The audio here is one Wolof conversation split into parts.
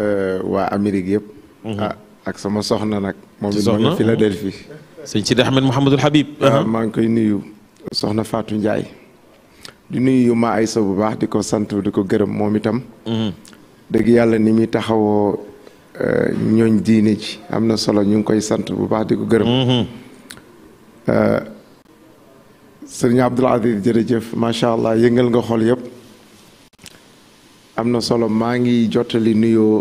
Euh, waa Amérique yëpp. Mhm. Ah, ak sama soxna nag. moom it ma nga Philadelphie. Oh. sëñ Sidi Ahmed Mouhamadul Habib. Uh-huh. maa ngi koy nuyu. soxna faatu Ndiaye. di nuyu ma ay sa bu baax di ko sant di ko gërëm moom itam. Mhm. dëgg yàlla ni muy taxawoo euh, ñooñ diine ji am na solo ñu ngi koy sant bu baax di ko gërëm. Mhm. Euh, sëriñ Abdoul Aziz jërëjëf macha allah yëngal nga xol yëpp. am na solo maa ngi jottali nuyoo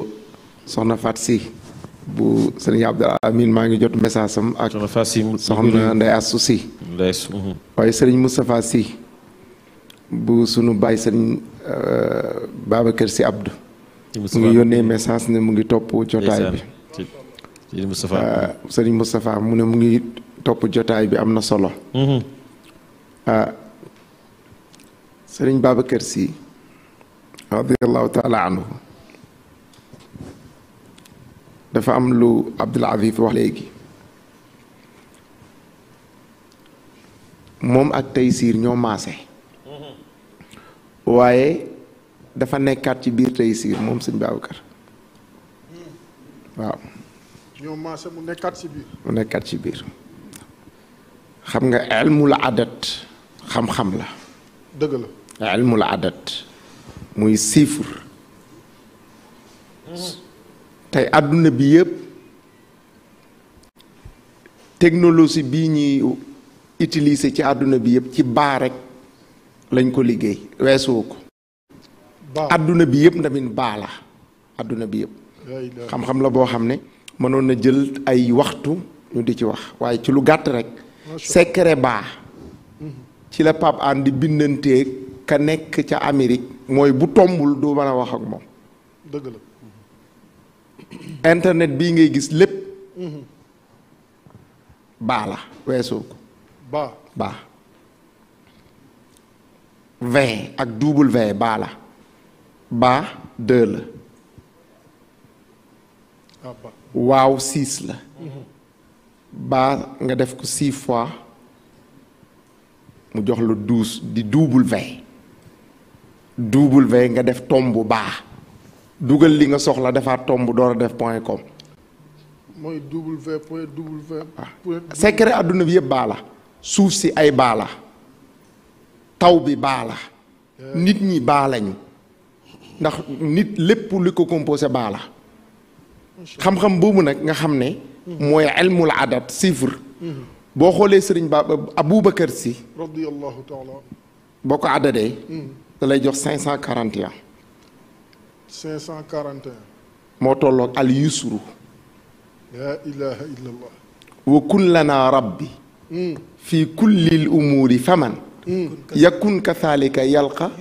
soxna Fat Si bu sëñ Abdou Amine maa ngi jot message am ak soxna Ndeye Assou Si mhm. waaye sëriñ Moustapha Si bu sunu baay sëriñ euh, Babacar Si Abdou mu ngi yónnee message ne mu ngi topp jotaay bi sëriñ euh, Moustapha mu ne mu ngi topp jotaay bi am na solo mhm. euh, sëriñ Babacar Si رضي الله تعالى عنه دفع أملو عبد العزيز وحليكي موم اك تيسير نيو ماسي وايه دفع نكات بير تيسير موم سنبا وكر واو نيو ماسي مو نكات بير مو نكات بير خمنا علم العدد خم خم لا دقل علم العدد muy chiffre tey àdduna bi yëpp technologie bii ñuy utilise ci àdduna bi yëpp ci baa rek lañ ko liggéey weesuwu ko àdduna bi yëpp ndamit baa la àdduna bi yëpp xam-xam la boo xam ne mënoon na jël ay waxtu ñu di ci wax waaye ci lu gàtt rekk secret baa mhm. ci la Pape Hann di bindanteeg ka nekk Amérique mooy bu tombul du internet bii ngay gis lépp. Mhm. baa la ko. double vin baa la. deux ah, six mhm. nga def ko six fois mu jox la douze di double vin W nga def tomb baa dugal li nga soxla defaat tomb door a def point com. mooy W point W. Ah. secret adduna bi yëpp baala suuf si ay baa la taw bi baala nit ñi baalañu ndax nit lépp li ko composé baa la xam-xam boobu nag nga xam ne. Mm-hmm. mooy ilmul adat chiffre. Mm-hmm. boo xoolee sëriñ ba Aboubacar si. boo ko addadee. Mm-hmm. da lay jox 541. 541. moo tolloog al yusru. laa ilaha illallah. wa kun lana rabbi. fi kulli l umuuri faman. yakun kathalika yalqa.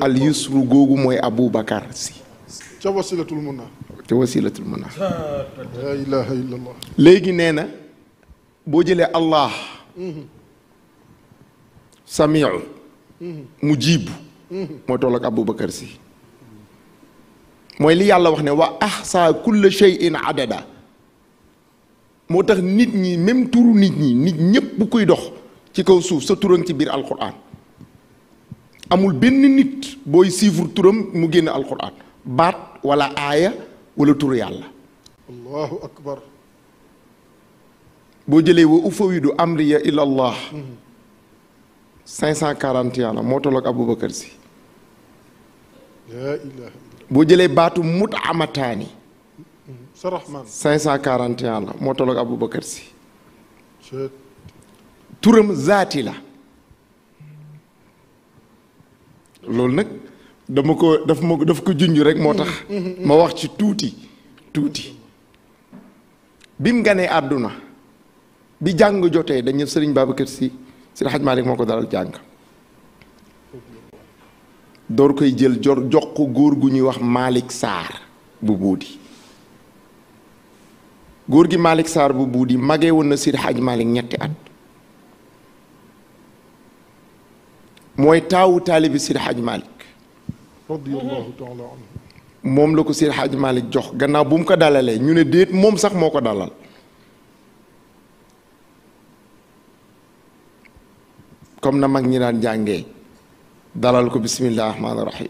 al yusru googu mooy Aboubacar si. ca wasilatul munna. ca wasilatul munna. laa ilaha illallah. léegi nee na boo jëlee Allah. samiu. mu jiibu mooy toll ak si mooy li yàlla wax ne wa ahsa kulla shay'in adada moo tax nit ñi même turu nit ñi nit ñépp bu kuy dox ci kaw suuf sa turam ci biir alquran amul benn nit booy siifur turam mu génn alquran baat wala aaya wala turu yàlla boo jëlee wa ufawidu amriya ila allah mm-hmm. cent 541 la moo tolloog Aboubacar si boo jëlee baatu mut amataani. saraxmaan 541 la moo tolloog Aboubacar si. turam zaati la. loolu nag dama ko daf ma daf ko junj rek moo tax. ma wax ci tuuti tuuti. bim ganee àdduna bi jàng jotee dañu Sëriñ Babacar si. Seydi Hadj Malick moo ko dalal jàng door koy jël jor jox ko góor gu ñuy wax Malick Sarr bu buudi góor gi Malick Sarr bu buudi magee woon na Seydi xaj Malick ñetti at mooy taawu taalibi Seydi Hadj Malick radiyallahu moom la ko Seydi Hadj Malick jox gannaaw bu mu ko dalalee ñu ne déet moom sax moo ko dalal comme na mag ñi daan jàngee dalal ko bisimilah rahim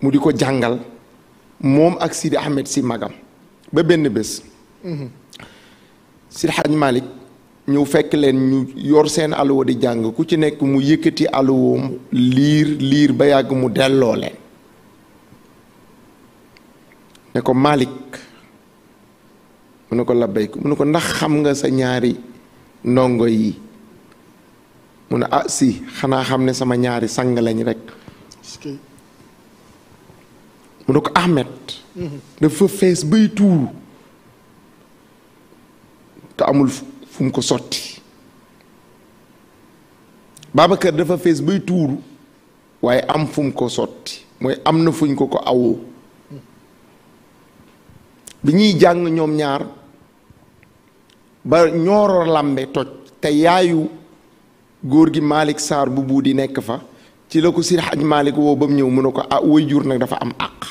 mu di ko jàngal ak Sidi Ahmed si magam ba benn bés. Mhm. Sidi Hadj malik ñu fekk leen ñu yor seen alwo di jàng ku ci nekk mu yëkkati alluwoom liir liir ba yàgg mu delloo leen ne ko malik mu ne ko mu ne ko ndax xam nga sa ñaari ndongo yi. mu ne ah si xanaa xam ne sama ñaari sang lañ rek mu ne ko Ahmed dafa fees bay tuuru te amul fu ko sotti Babacar dafa fees bay tuuru waaye am fu ko sotti mooy am na fuñ ko ko awoo bi ñuy jàng ñoom ñaar ba ñooro làmbe toj te yaayu góor gi maalik Sarr bu buu di nekk fa ci la ko Sir Hadj Malick woo ba mu ñëw mu ne ko ah way jur nag dafa am àq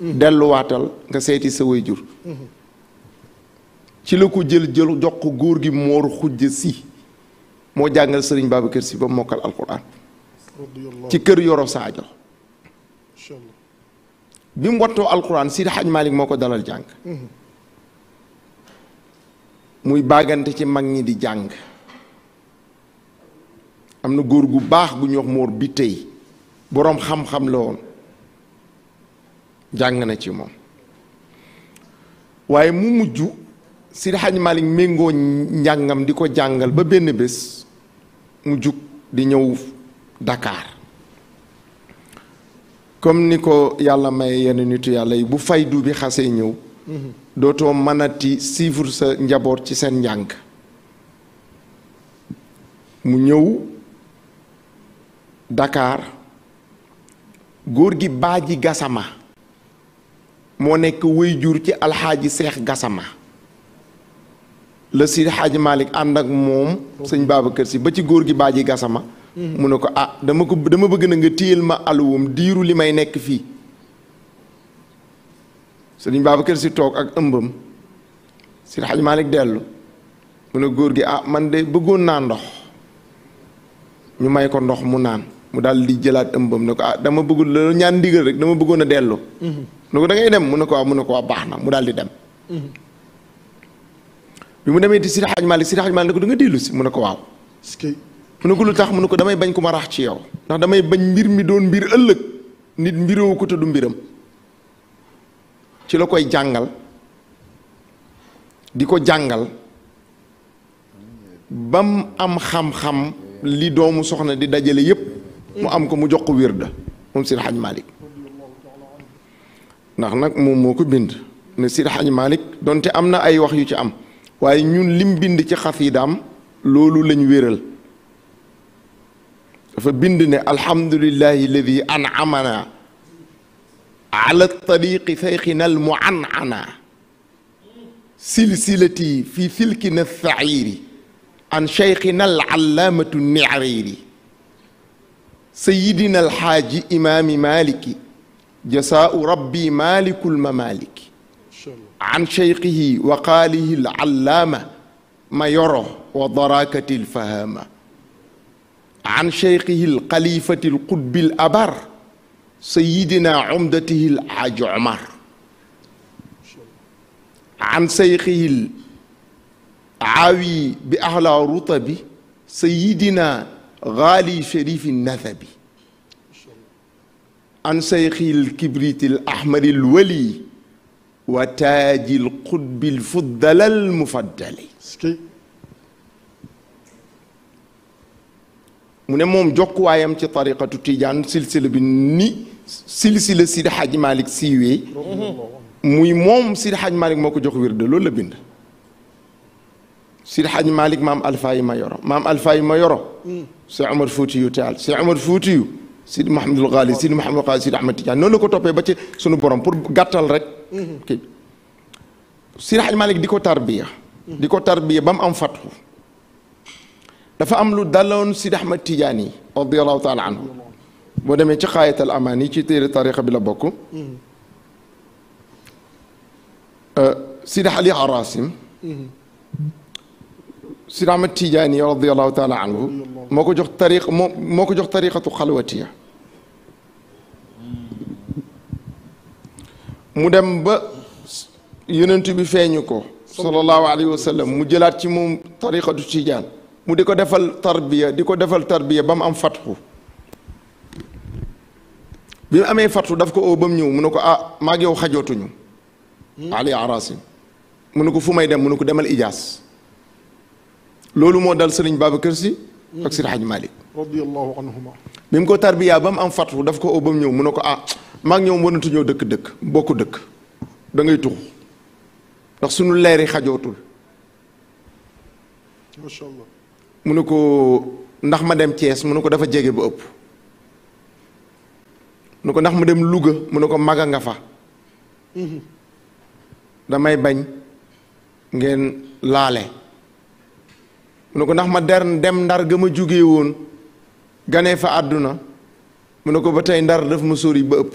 mhm. delluwaatal nga seeti sa way jur mhm. ci la ko jël jël jox góor gi Mor Xujja Si moo jàngal Serigne Babacar Si ba mokkal ci kër Yoro Sadio bi mu wattoo alquran Sir moo ko dalal jàng mhm. muy bàggante ci mag ñi di jàng am na góor gu baax gu ñuy wax moor bi tey boroom xam-xam la woon jàng na ci moom waaye mu mujj Sidi Hadj Malick méngoo njàngam di ko jàngal ba benn bés mu jug di ñëw Dakar comme ni ko yàlla may yenn nitu yàlla yi bu faydu bi xasee ñëw dootoo mënati suivre sa njaboot ci seen njàng mu ñëw Dakar gurki gi Baaji Gassama mo nek wayjur ci alxaaji cheikh Gassama le sir haji malik ànd ak seigne sëñ Si ba ci góor gi Gassama munoko ah dama ko dama beug na nga tiyel ma alwum diru limay nek fi seigne sëñ Si tok ak ëmbam sir haji malik delu mu ne gi ah man de beugon na ndox ñu may ko ndox mu nan mu dal di jelat ëmbam ne ko ah dama bëggul la ñaan digël rek dama bëggona a hmm ne ko da ngay dem mu ne ko ah, mu ne ko ah, baxna mu dal di dem mhm. bi mu demé ci Sidi Hadj malik Sidi Hadj malik ne ko da nga dellu si mu ne ko waaw mu ne ko lu tax mu ne ko damay bañ ku ma rax ci yow ndax damay bañ mbir mi doon mbir ëlëk nit mbiro ko tuddu mbiram ci la koy jangal di jangal bam am xam-xam li doomu soxna di dajale yépp mu am ko mu jox ko wirda mom sir Hadj malik ndax nak mom moko bind ne sir Hadj malik donte amna ay wax yu ci am waye ñun lim bind ci khafidam lolu lañ wéral dafa bind ne alhamdulillahi alladhi anamana ala at-tariq fayqina al muanana silsilati fi al-sa'iri an shaykhina al-allamah an-ni'riri al allaamatu niariiri سيدنا الحاج إمام مالك جساء ربي مالك الممالك عن شيخه وقاله العلامة ما يره وضراكة الفهامة عن شيخه القليفة القطب الأبر سيدنا عمدته الحاج عمر عن شيخه العاوي بأعلى رطب سيدنا غالي شريف النثبي عن سيخ الكبريت الأحمر الولي وتاج القطب الفضل المفضل من موم جوك وايام تي طريقه تيجان سلسله بني سلسله سيد حاج مالك سيوي موي موم سيد حاج مالك مكو جوك ورد لول لا بند سيد حاج مالك مام الفاي مايورو مام الفاي مايورو سي عمر فوتيو تعال سي عمر فوتيو Sidi Mahamadul Ghali Sidi Mahamadul Ghali Sidi Ahmed Tidiane noonu la ko toppee ba ci sunu borom pour gàttal rek. kii Sidi Hadj Malick di ko tarbiya. di ko tarbiya ba mu am fattu. dafa am lu daloon Sidi Ahmed Tidiane yi. radiyallahu taala anhu boo demee ci xaayatal amaan yi ci téere tariqa bi la bokk. Sidi Ali Harasim. Sidi Ahmed Tidiane radiyallahu taala anhu moo ko jox tariq moo moo ko jox tariqatu xalwatiya mu dem ba yonent bi feeñu ko sallallahu alayhi wa sallam mu jëlaat ci moom tariqatu Tidiane mu di ko defal tarbiya di ko defal tarbiya ba mu am fatxu bi mu amee fatxu daf ko oo ba mu ñëw mu ne ko ah maa ngi yow xajootuñu Ali Arasim mu ne ko fu may dem mu ne ko demal Ijaas loolu moo dal sëriñ Babacar si ak Seydi Hadji xaj radiyallahu anhuma bi mu ko tarbiyaa ba mu am fatu daf ko oo ba mu mu ne ko ah maa ngi ñëw mënatu ñëw dëkk dëkk bokk dëkk da ngay ndax suñu leeri xajootul macha allah mu ne ko ndax ma dem Thiès mu ne ko dafa jege ba ëpp mu ne ko ndax ma dem Louga mu ne ko a nga fa mhm. damay bañ ngeen laale mu ne ko ndax ma der dem ndar ga ma jóge woon ganee fa àdduna mu ne ko ba tey ndar daf ma sori ba ëpp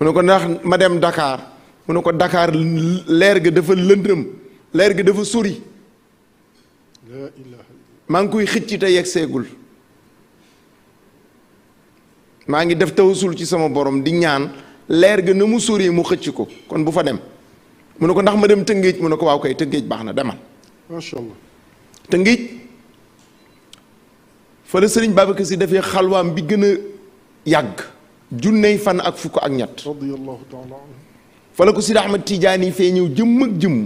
mu ne ko ndax ma dem dakaar mu ne ko Dakar leer ga dafa lëndëm leer ga dafa sori maa ngi koy xëcc te yegg seegul maa ngi def tawasul ci sama borom di ñaan leer ga na mu sori mu xëcc ko kon bu fa dem mu ne ko ndax ma dem tëngéej mu ne ko waaw kay tëngéej baax na demal ma sha allah tëngéej fa la sëriñ Babacar si defee xalwaam bi gën a yàgg junney fan ak fukk ak ñett radiyallahu taala fa la ko Sidi Ahmad Tijaani fee ñëw jëmm ak jëmm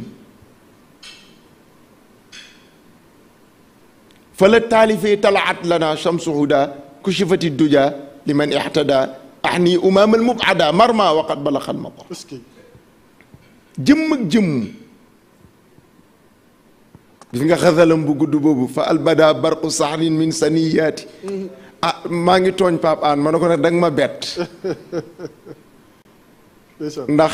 fa la taalifee talaat lana shamsu huda kushifati duja liman ihtada ahni umaam al mubada marma waqad balaxal ma ko jëmm ak jëmm gis nga xasalam bu gudd boobu fa albada barqu saxnin min saniyaati mm-hmm. ah maa ngi tooñ Pape Hann ma ne ko nag danga ma bett ndax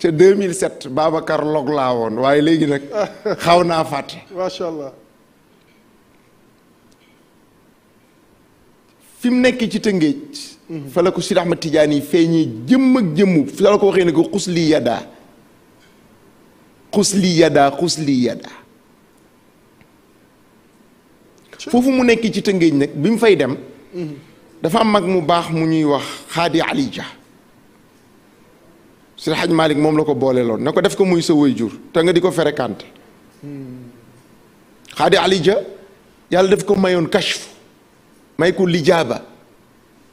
ca 2007 Babacar log laa woon waaye léegi nag xaw naa fàtte macha allah fi mu nekk ci tëngéej mm-hmm. fa la ko si Sidi ma tijaan yi feeñee jëmm ak jëmmu fa la ko waxee ne ko xus lii yaddaa xus lii yaddaa xus yaddaa fofu mu nekk ci tëngéej nak bimu fay dem dafa am mag mu bax mu ñuy wax khadi ali ja sir haj malik mom la ko bolé lon nako def ko muy sa waajur ta nga diko ko fréquenté xaadi ali ja yàlla def ko mayon kashf may ko lijaba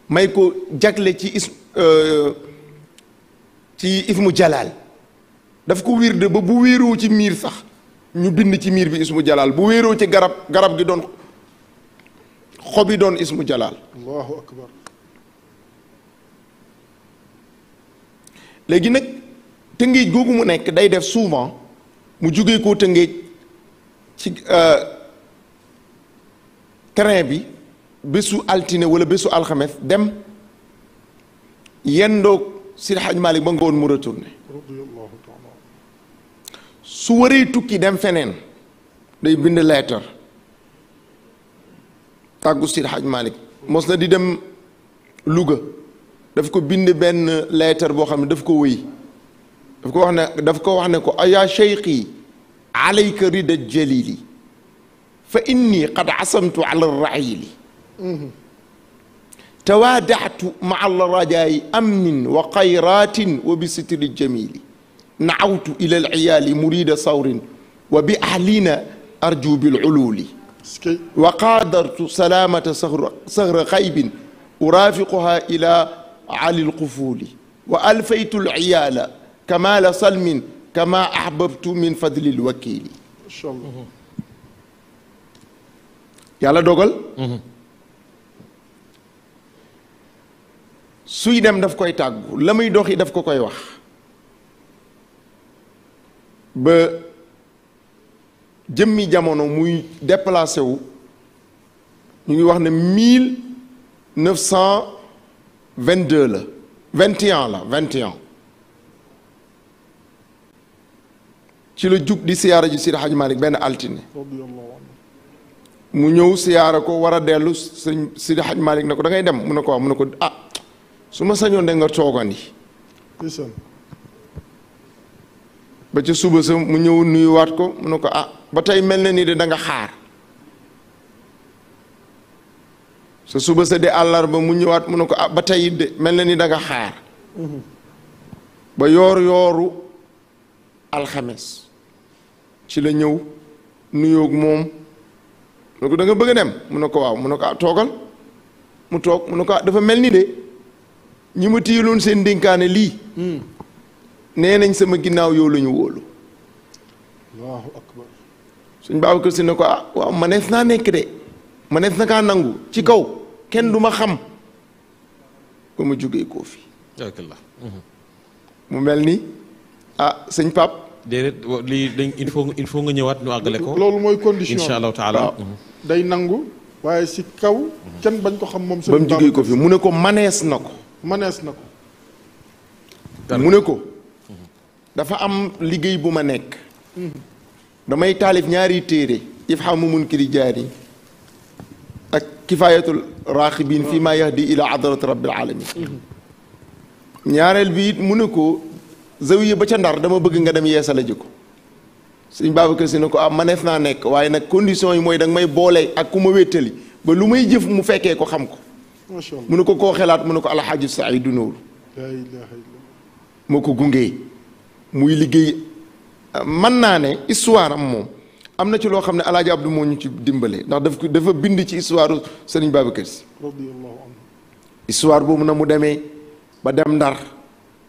may ko jagle ci is ci ifmu jalal daf ko wirde ba bu wiru ci mir sax ñu bind ci mir bi ismu jalal bu wéeroo ci garab garab gi doon خبي دون اسم جلال الله اكبر لجي نك تنجي جوجو مو نيك داي ديف سوفان مو جوغي كو تنجي ترين بي بيسو التيني ولا بيسو الخميس دم يندو سير حاج مالك بانغون مو رتورني سوري توكي دم فنن دي بين ليتر tagu sir haj malik mosna di dem louga daf ko bind ben lettre bo xamne daf ko wey daf ko waxne عليك رد الجليلي فإني قد عصمت على الرعيل توادعت مع الرجاء أمن وقيرات وبستر الجميل نعوت إلى العيال مريد صور وبأهلنا أرجو بالعلول وقادرت سلامة صغر, صغر غيب أرافقها إلى علي القفول وألفيت العيال كمال صلم كما أحببت من فضل الوكيل ما شاء الله دوغل سوي دم dem daf koy tàggu la muy doxi daf jëmmi jamono muy déplacé wu ñu ngi wax ne 1922 la 21 la 21 ci le juk di siyara ji Haj malik ben altine mu ñew siyara ko wara delu sir sir hadj malik nako da ngay dem mu nako ah, mu nako ah suma sañon de nga togani ba ca suba sa mu ñëw nuyuwaat ko mu ne ko ah ba tey mel na ni de da xaar sa suba sa de àllarba mu ñëwaat mu ne ko ah ba tey de mel na ni danga xaar ba yoor yooru alxemes ci la ñëw nuyoog moom mu ne ko da bëgg a dem mu ne ko waaw mu ne ko ah toogal mu toog mu ne ko ah dafa mel ni de ñi ma téyeloon seen dénkaane lii hmm. nee nañ sama ginnaaw yow la ñu wóolu allahu akbar suñ Babacar Si ah, manees naa nekk de nangu ci kaw kenn du ma xam ba ma jógee koo fi mhm. mu mel ni ah sëñ Pap déedéet lii dañ il faut il faut nga ñëwaat ñu àggale ko loolu mooy condition incha mhm. day nangu waaye si kaw mhm. kenn bañ ko xam moom sëñ ko fi mu ne ko manees na ko manees na ko mu ne ko dafa am liggéey bu ma nekk damay taalif ñaari téere mu ki ifhamu munkiri jaari ak kifayatul raxibin fi ma yahdi ila hadrati rabbil alamin ñaareel bi it mu ne ko zawiya ba ca ndar dama bëgg nga dem yeesala ji ko suñ Babacar Si ne ko ah maneef naa nekk waaye nag condition yi mooy danga nga may boole ak ku ma wéttali ba lu may jëf mu fekkee ko xam ko mu ne ko koo xelaat mu ne ko alxaaji Saidu Nuuru moo ko gungee muy liggéey mën naa ne histoire am moom am na ci loo xam ne alaaji Abdou moo ñu ci dimbale ndax daf dafa bind ci histoire Serigne Babacar Sy histoire boobu na mu demee ba dem ndar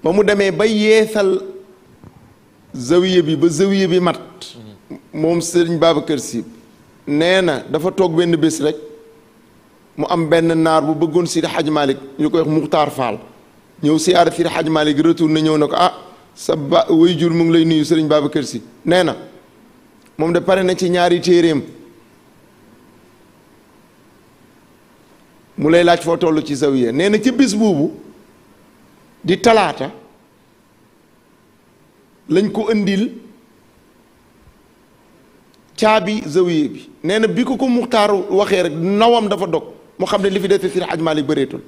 ba mu demee ba yeesal zawiye bi ba zawiye bi mat moom Serigne Babacar Sy nee na dafa toog benn bés rek mu am benn naar bu bëggoon Sidi Hadj Malick ñu koy wax Muxtaar Fall ñëw siyaare Sidi Hadj Malick retour na ñëw na ko ah sa ba way jur mu ngi lay nuyu sëriñ Babacar Si nee na de pare na ci ñaari téeréem mu lay laaj foo toll ci zawiya nee ci bis boobu di talaata lañ ko indil caabi zawiya bi nee bi ko ko muxtaaru waxee rek nawam dafa dog mu xam li fi dese si xaj Maalik bëreetul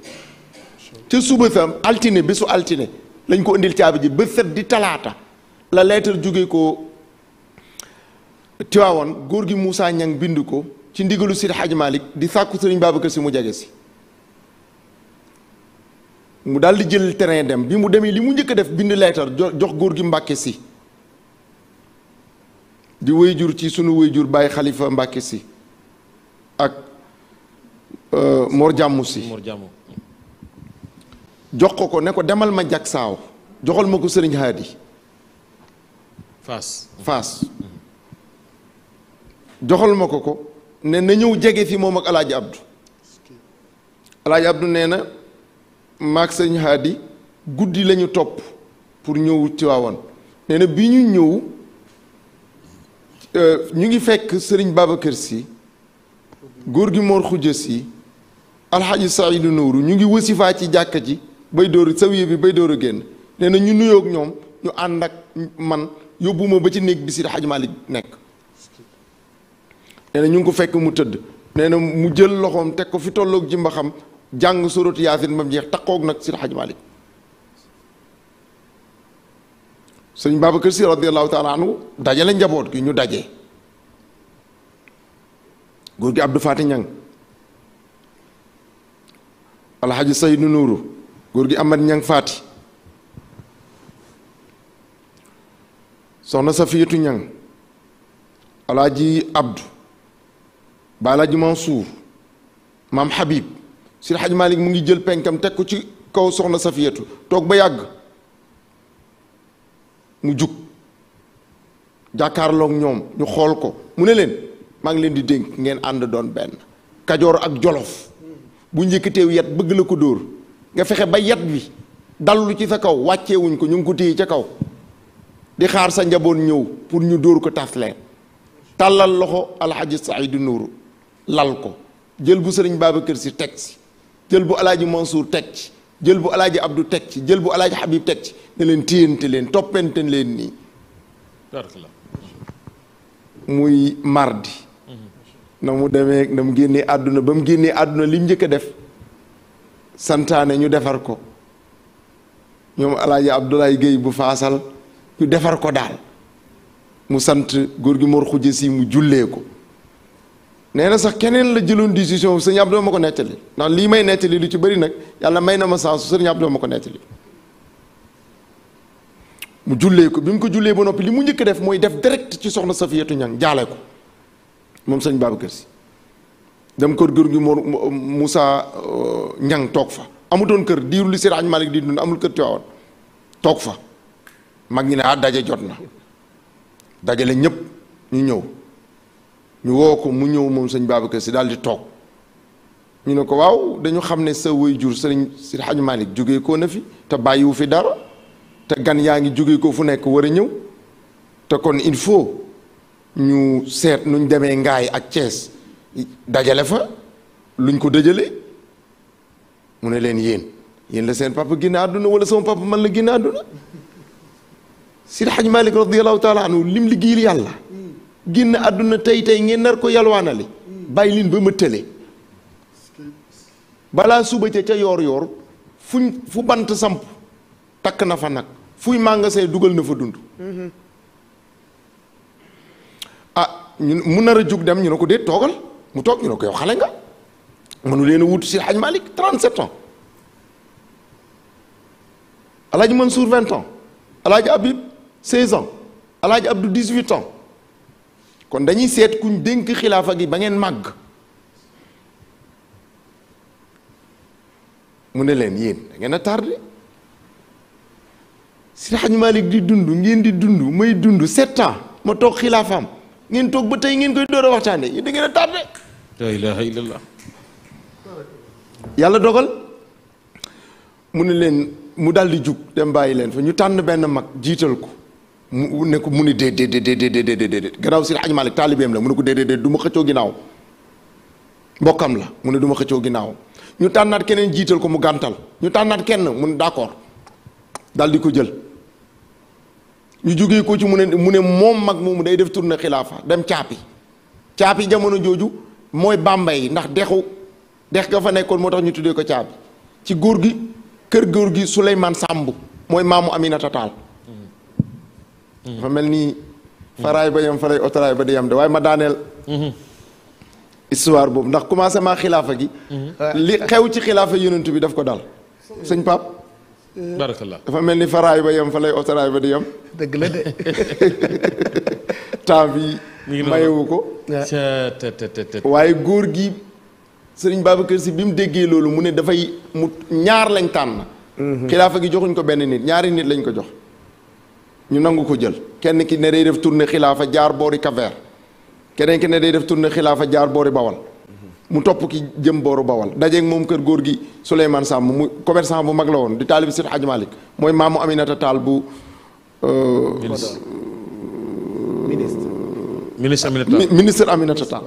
suba sam altine bisu altine lañ ko indil caabi ji ba set di talaata la lettre jóge ko Tiwaawoon góor gi Moussa Ñang bind ko ci ndigalu Seydi Hadji di sàkku Sëriñ Babacar Si mu jege si mu daal di jël terrain dem bi mu demee li mu njëkk a def bind lettre jox góor gi Mbàkke Si di jur ci sunu jur bàyyi xalifa Mbàkke Si ak euh, Mor Jàmmu Si jox ko ko ne ko demal ma jag saaw joxal ma ko sëriñ Haadi Faas Faas joxal ma ko ko ne na ñëw jege fi moom ak alaaji Abdu alaaji Abdu nee na maag sëriñ Haadi guddi lañu topp pour ñëw Tiwaawan nee na bi ñu ñëw euh, ñu ngi fekk sëriñ Babacar Si góor gi Mor Xuja Si alxaaji Saydu Nuuru ñu ngi wësifaa ci jàkka ji bay dooru sawiye bi bay dooru génn neena ñu nuyo ak ñom ñu and ak man yobuma ba ci neeg bi si hadji malik nek neena ñu ko fekk mu teud neena mu jël loxom tek ko fi tollok ji mbaxam jang suratu yasin ba jeex takkoog nak si hadji malik serigne babakar sir radiyallahu taala anhu dajale njabot gi ñu gor gi Abdou fatih Ñang nuru góor gi Amad Ñang Faati soxna Safiyatu Ñang alaaji Abdu balaaji Mansour maam Habib si Xaj Malik mu ngi jël penkam teg ko ci kaw soxna Safiyatu toog ba yàgg mu jug jàkkaarloog ñoom ñu xool ko mu ne leen maa ngi leen di dénk ngeen ànd doon benn kajoor ak jolof bu njëkkateew yet bëgg la ko dóor nga fexe ba yat wi dallu ci sa kaw wàccewuñ ko ñu ngi ko ca kaw di xaar sa njaboot ñëw pour ñu dóor ko tas leen tàllal loxo alxaji Saydu Nuuru lal ko jël bu sëriñ kër Si teg ci jël bu alaaji Mansour teg ci jël bu alaaji Abdou teg ci jël bu alaaji Habib teg ci ne leen téyante leen toppante leen nii muy mardi mhm. na mu demee na mu génnee àdduna ba mu génnee àdduna li mu njëkk a def santaane ñu defar ko ñoom alaaji Abdoulaye Guèye bu faasal ñu defar ko daal mu sant góor gi Mor Khoudia si mu jullee ko nee na sax keneen la jëloon décision sëñ Abdou ma ko nettali ndax lii may nettali lu ci bari nag yàlla may na ma sens sëñ Abdou ma ko nettali mu jullee ko bi mu ko jullee ba noppi li mu njëkk def mooy def direct ci soxna Safiyatu Ñang jaale ko moom sëñ kër Si dem kër góor gi musaa Moussa Ñang euh, toog fa amutoon kër diiru li Seydi Hadji Malick di dund amul kër Tiwaawan toog fa mag ñi ne ah daje jot na dajale ñëpp ñu ñëw ñu woo ko mu ñëw moom sëñ Babacar Si daal di toog ñu ne ko waaw dañu xam ne sa jur sëriñ Seydi Hadji Malick jógee koo na fi te bàyyiwu fi dara te gan yaa ngi jógee ko fu nekk war a ñëw te kon il faut ñu seet nuñ demee Ngaay ak Cees dajale fa luñ ko dajale mu ne leen yéen yéen la seen papa génn àdduna wala sama papa man la génn àdduna Sidi Hadj Malick radiyallahu taala anhu lim liggéeyal yàlla génn àdduna tey tey ngeen nar ko yalwaanale bàyyi leen ba ma tële balaa suba ca ca yoor yoor fuñ fu bant samp takk na fa nag fuy mànga say dugal na fa dund mm-hmm. ah ñu mu nar a jug dem ñu ne ko déet toogal mu toog ñu ne ko yow xale nga mënu leen a wuutu si Hadj Malick 37 ans El Hadj Mansour 20 ans El Hadj Habib 16 ans El Hadj Abdou 18 ans kon dañuy seet kuñ dénk xilaafa gi ba ngeen màgg mu ne leen yéen da ngeen a tardé si Hadj Malick di dund ngeen di dund may dund 7 ans ma toog xilaafaam ngeen toog ba tey ngeen koy door a waxtaanee yéen da ngeen a tardé. la ilaha illallah yàlla dogal mu ne leen mu daal di jug dem bàyyi leen fa ñu tànn benn mag jiital ko mu ne ko mu ne déedéet déedéet déedéet gannaaw si Hajji Maalik taalibeem la mu ne ko déedéet de du ma xëccoo ginnaaw mbokkam la mu ne duma ma xëccoo ginnaaw ñu tànnaat keneen jiital ko mu gàntal ñu tànnaat kenn mu ne d'accord daal di ko jël ñu jugee ko ci mu ne mu ne moom mag moomu day def tournée xilaafa dem caapi caapi jamono jooju. mooy yi ndax dexu dex ga fa nekkoon moo tax ñu tuddee ko caabi ci góor gi kër góor gi Souleymane Samb mooy maamu Aminata Tall dafa mel ni. faraay ba yam faray otoraay ba di yam de waaye ma daaneel. histoire boobu ndax commencé maa xilaafa gi. Mhm. li xew ci xilaafa yonent bi daf ko dal. sëñ Pape. barakallah dafa mel ni faraay ba yem fa lay otaraay ba di yem. dëgg la de. temps bi. mayewu ko. waaye góor gi sëriñ Babacar si bi mu déggee loolu mu ne dafay mu ñaar lañ tànn. Mhm. xilaafa gi joxuñ ko benn nit ñaari nit lañ ko jox. ñu nangu ko jël kenn ki ne day def tournée xilaafa jaar boori Cap-Vert keneen ki ne day def tournée xilaafa jaar boori Bawol. mu topp ki jëm booru bawal dajeeg moom kër góor gi Souleymane sàmm mu commerçant bu mag la woon di taalib Seydi Hadji Malick mooy maamu Aminata Tall bu. Euh, ministre euh, ministre Aminata Tall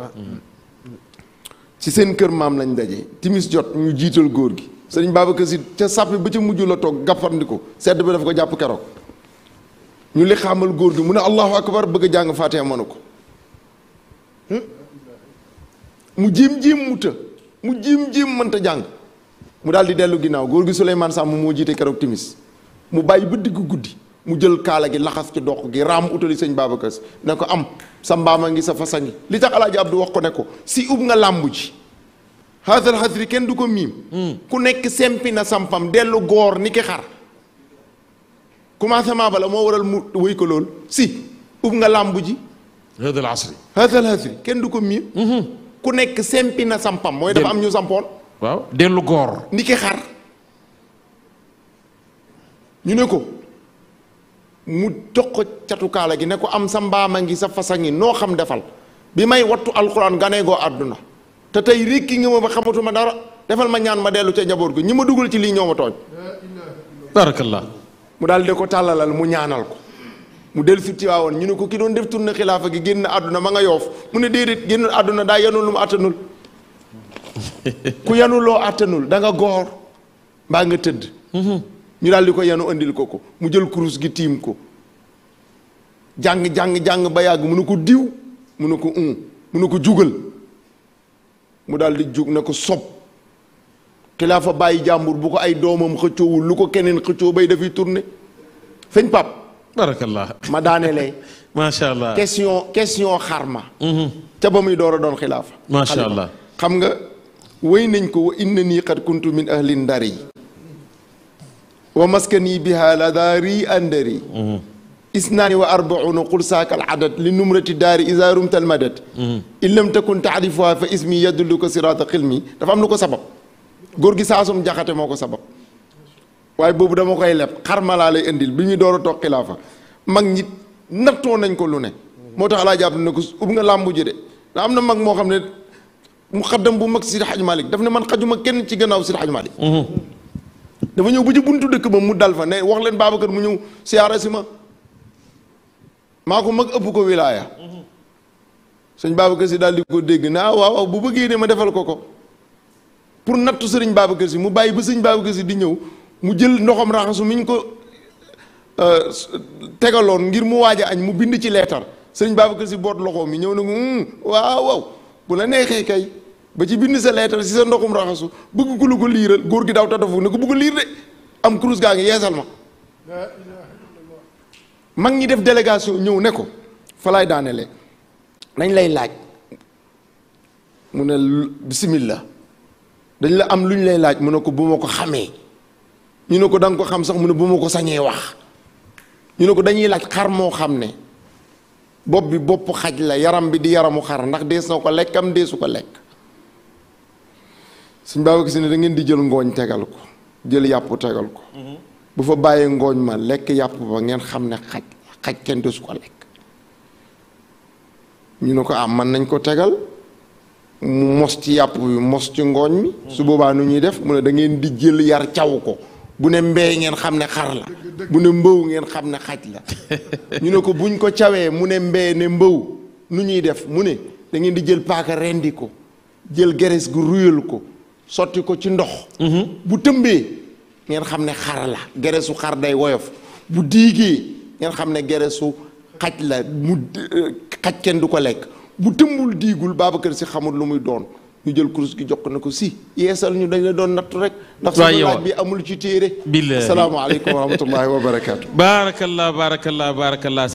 ci seen kër maam lañ daje timis jot ñu jiital góor gi sëriñ Babacar Si ca sàppi ba ca mujj la toog gàppandiku sedd bi daf ko jàpp keroog ñu li xaamal góor gi mu ne allahu akbar bëgg jàng jàng Faatiha mënu ko. Hmm? mu jéem jéem mu të mu jéem jéem mënta jàng mu daal di dellu ginnaaw góor gi Souleymane Samb moo jiite keroog timis mu bàyyi ba diggu guddi mu jël kaala gi laxas ci dox gi raam utali sëñ Babacar ne ko am sa mbaam a ngi sa fasa ngi li tax ab du wax ko ne si ub nga làmb ji xaasal xasri kenn du ko miim hmm. ku nekk sempi na sampam dellu góor ni ki xar commencement bala moo waral mu wéy ko lool si ub nga làmb ji kenn du ko miim hmm. ku nekk sempi na sampam mooy dafa am ñu sampoon dellu góor ni ki xar ñu ne ko mu jox ko catukaala gi ne ko am sa mbaama ngi sa fasa ngi noo xam defal bi may wattu alxuraan ganeegoo àdduna te tey rékki nga ma ba xamatuma dara defal ma ñaan ma dellu ca njaboot gi ñi ma dugal ci lii ñoo ma tooñ barakallah mu daal ko tàllalal mu ñaanal ko mu dellu si Tiwaawoon ñu ne ko ki doon def tournée xilaafa gi génn àdduna ma nga yoof mu ne déedéet génn àdduna daa yanul lu àttanul ku yanuloo àttanul da nga goor mbaa nga tëdd mhm. ñu daal di ko yanu andil ko ko mu jël kurus gi tiim ko jàng jàng jàng ba yàgg mu ne ko diw mu ne ko un mu ne ko jugal mu daldi di jug na ko sob xilaafa bàyyi jàmbur bu ko ay doomam xëccoowul lu ko keneen xëccoo bay dafay tourné feñ pap بارك الله ما داني لي ما شاء الله كيسيون كيسيون خارما تبا مي دورا دون خلاف ما شاء الله خمغا وي نينكو انني قد كنت من اهل داري ومسكني بها لا داري اندري اثنان واربعون قل ساك العدد لنمرة داري اذا رمت المدد ان لم تكن تعرفها فاسمي يدلك صراط قلمي دا فام نكو سبب غورغي ساسوم جاخاتي موكو سبب waaye boobu dama koy leb xarma laa lay indil bi ñuy door a toog xilaafa mag ñi nattoo nañ ko lu ne. moo tax alaa jàpp na ko ub nga làmbu de da am na mag moo xam ne mu xaddam bu mag si Hadj Malick daf ne man xajuma kenn ci gannaaw Sidi Hadj Malick. Mhm. dafa ñëw ba ci buntu dëkk ba mu dal fa ne wax leen Babacar mu ñëw siyaara si ma maa ko mag ëpp ko wilaaya. sëñ Babacar si daal di ko dégg naa ah waaw waaw bu bëggee ne ma defal ko ko pour nattu sëriñ Babacar si mu bàyyi ba sëñ Babacar si di ñëw. mu jël ndoxam raxasu mi ñu ko euh, tegaloon ngir mu waaj a añ mu bind ci leetar sëñ Babacar si boot loxo mi ñëw na ko hmm, waaw waaw bu la neexee kay ba ci bind sa leetar si sa ndoxum raxasu bëgg ku la ko liiral góor gi daw tatafu ne ko bugg liir de am kurus gaa ngi yeesal ma mag ñi def délégation ñëw ne ko fa laay dañ lay laaj mu ne bismillah dañ la am lu ñu lay laaj mun ne ko bu ma ko xamee ñu ne ko dang ko xam sax mu ne bu ma ko sañee wax ñu ne ko dañuy laaj xar moo xam ne bi bop xaj la yaram bi di yaramu xar ndax dees na ko lekkam am deesu ko lekk suñ baaba gis ne da ngeen di jël ngooñ tegal ko jël yàpp tegal ko mm-hmm. bu fa ngooñ ma lekk yàpp ba ngeen xam ne xaj xaj kenn deesu ko lekk ñu ne ko am ah, man nañ ko tegal mu mos ci yàpp bi mos ci ngooñ mi mm-hmm. su boobaa nu ñuy def mu ne da ngeen di jël yar caw ko bu ne mbéy ngeen xam ne xar la bu ne mbëw ngeen xam ne xaj la ñu ne ko buñ ko cawee mu ne mbéy ne mbëw nu ñuy def mu ne da ngeen di jël paaka rendi ko jël gerees gu ruyal ko sotti ko ci ndox mhm. bu tëmbee ngeen xam ne xar la gereesu xar day woyof bu diigee ngeen xam ne gereesu xaj la mu xaj kenn du ko lekk bu tëmbul diigul kër Si xamul lu muy doon ñu jël kurus gi jox na ko si yeesal ñu dañ la doon nattu rek ndax suñu laaj bi amul ci téere billahi asalaamaaleykum wa rahmatullahi wa barakaatu